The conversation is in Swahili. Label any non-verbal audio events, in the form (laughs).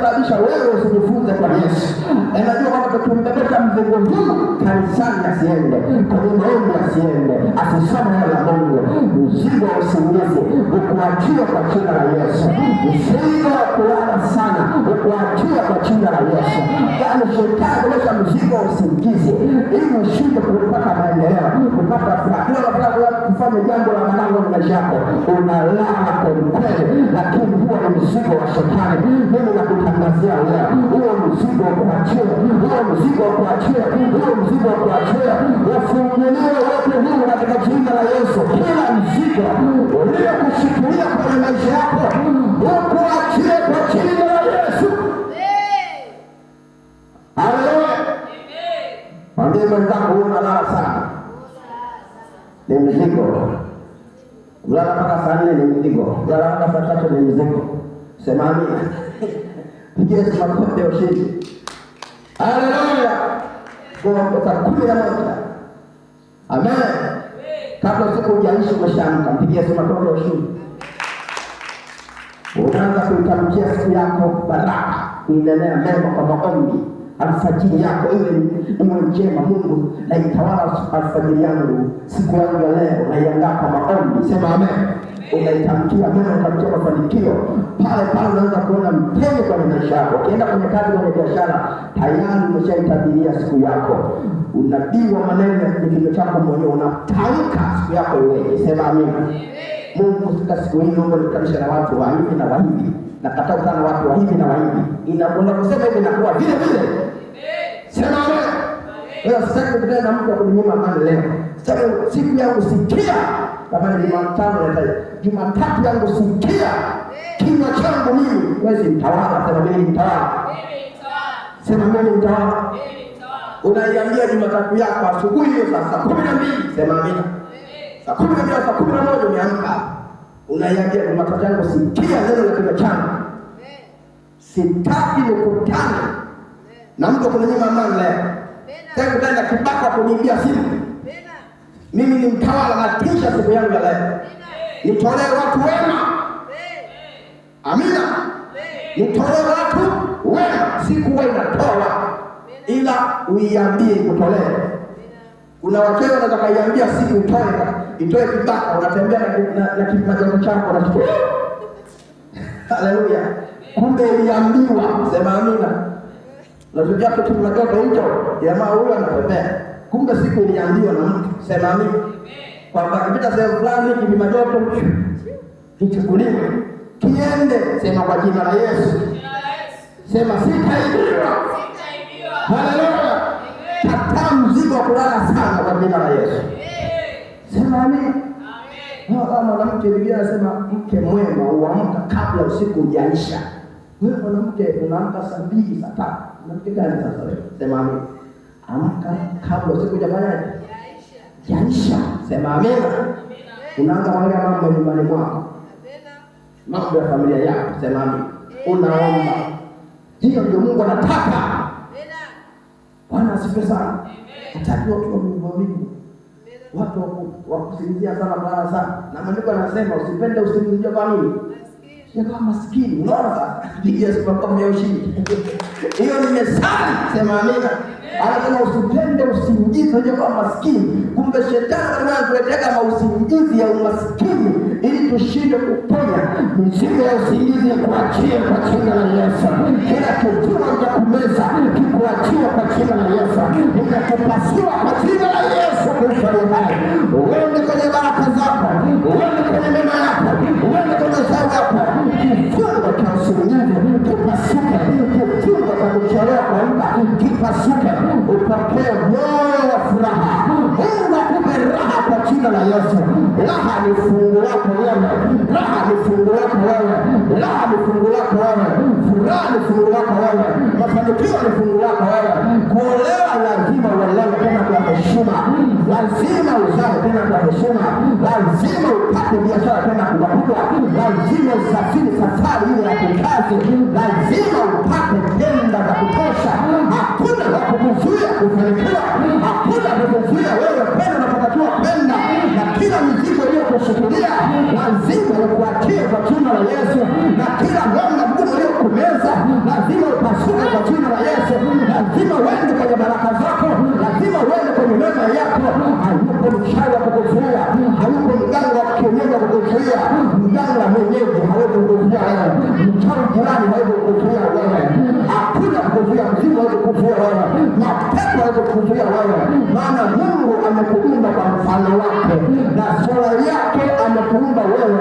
kusababisha wewe usijifunze kwa Yesu. Najua kwamba tukimbebesha mzigo huu kanisani asiende, kwenye maombi asiende, asisome neno la Mungu. Mzigo wa usingizi ukuachia kwa jina la Yesu. Mzigo wa kulala sana ukuachia kwa jina la Yesu. Yaani shetani kuleta mzigo wa usingizi ili ushinde kupata maendeleo, kupata furaha, kufanya jambo la malango la maisha yako, unalala kwelikweli, lakini huwa ni mzigo wa shetani. Mimi kuanzia leo. Huo mzigo kuachia, huo mzigo kuachia, huo mzigo kuachia, ufunguliwe wote huu katika jina la Yesu. Kila mzigo uliokushikilia kwenye maisha yako ukuachie kwa jina la Yesu. Haleluya! Mwambie mwenzako una lala sana, ni mzigo. Ulala mpaka saa nne ni mzigo, ulala mpaka saa tatu ni mzigo. Sema amina. (laughs) Yesu matunda ya ushindi. Haleluya! Kuongoza kumi na moja. Amen. Kabla siku hujaishi umeshaamka, mpigie Yesu matunda ya ushindi. Unaanza kuitamkia siku yako baraka, kuinenea mema kwa maombi alfajiri yako iwe njema. Mungu na itawala alfajiri yangu, siku yangu ya leo naiandaa kwa maombi. Sema amen. Unaitamkia mema, utamkia mafanikio pale pale, unaweza kuona mtego kwenye maisha yako. Ukienda kwenye kazi, kwenye biashara, tayari umeshaitabiria siku yako. Unabii wa maneno ya kinywa chako mwenyewe, unatamka siku yako iweje. Sema amen. Mungu sika siku hii naomba nikanisha na watu wa hivi na wa hivi, nakataa sana watu wa hivi na wa hivi. Unaposema hivi, inakuwa vile vile Leo sitaki kupigana na mtu akuninyima amani leo. Sitaki siku yangu sikia kama ni Jumatano ya taifa. Jumatatu yangu sikia. Kinywa changu mimi mwezi mtawala sema mimi mtawala. Sema mimi mtawala. Unaiambia Jumatatu yako asubuhi hiyo saa kumi na mbili sema amina. Saa kumi na mbili saa kumi na moja umeamka. Unaiambia Jumatatu yangu sikia neno la kinywa changu. Sitaki nikutane na mtu akuninyima amani leo. Tangu nenda kibaka kuniibia simu. Mimi ni mtawala na siku yangu ya leo. Nitolee watu wema. Amina. Nitolee watu wema, Siku sikuwa inatoa ila uiambie ikutolee. Kuna wakewe wanaweza kaiambia siku utoe, itoe kibaka, unatembea na kipajazo chako na kitu. (laughs) Haleluya. Kumbe uliambiwa, sema amina na hapo tu tunatoka hicho jamaa huyo anapepea. Kumbe siku iliambiwa na mtu sema mimi kwamba kipita sehemu fulani kilima joto kichukuliwe kiende, sema kwa jina la Yesu, sema sitaibiwa. Haleluya! Kataa mzigo wa kulala sana kwa jina la Yesu, sema amen. Mwanamke Biblia anasema mke mwema huamka kabla usiku hujaisha. Wewe mwanamke unaamka saa mbili saa tatu mwanamke gani sasa wewe? Sema amen. Amka kabla siku jafanyaje? Jaisha. Sema amen. Unaanza wale mambo ya nyumbani mwako, mambo ya familia yako. Sema amen. Unaomba, hiyo ndio Mungu anataka. Bwana asifiwe sana. Hataki watu wavivu, watu wakusinzia sana, bala sana, na maandiko yanasema usipende usinzio. Kwa nini? nikawa maskini. Unaona, Yesu akamwambia ushindi. Hiyo nimesali, sema amina. Anasema usipende usingizi, unajua kama maskini. Kumbe shetani anatuletea mausingizi ya umaskini ili tushinde kuponya mizigo ya usingizi. Kuachia kwa jina la Yesu, kila kitu cha kumeza kikuachia kwa jina la Yesu, inakupasua kwa jina la Yesu siku uko hai, uende kwenye baraka zako, uende kwenye mema yako, uende kwenye zao yako. Kifungo cha usingizi kipasuke, kifungo cha kuchelewa kuamka kipasuke, upokee moyo wa furaha. Mungu akupe raha kwa jina la Yesu. Raha ni fungu lako wewe, raha ni fungu lako wewe, raha ni fungu lako wewe, furaha ni fungu lako wewe, mafanikio ni fungu lako wewe, kuolewa lazima uzae tena kwa heshima, lazima upate biashara tena kubwa kubwa, lazima usafiri safari ile ya kikazi, lazima upate tenda za kutosha. Hakuna wa kukuzuia kufanikiwa, hakuna kukuzuia wewe kwenda unapotakiwa kwenda, na kila mizigo iliyokushukulia lazima ikuachie kwa jina la Yesu, na kila mwanga mgumu uliokumeza lazima upasuke kwa jina la Yesu, lazima uende neema yako. Hayupo mchawi wa kukuzuia, hayupo mganga wa kienyeji wa kukuzuia. Mganga mwenyeji hawezi kukuzuia wewe, mchawi jirani hawezi kukuzuia wewe, hakuna kukuzuia, mzimu hawezi kukuzuia wewe, mapepo hawezi kukuzuia wewe, maana Mungu amekuumba kwa mfano wake na sura yake amekuumba wewe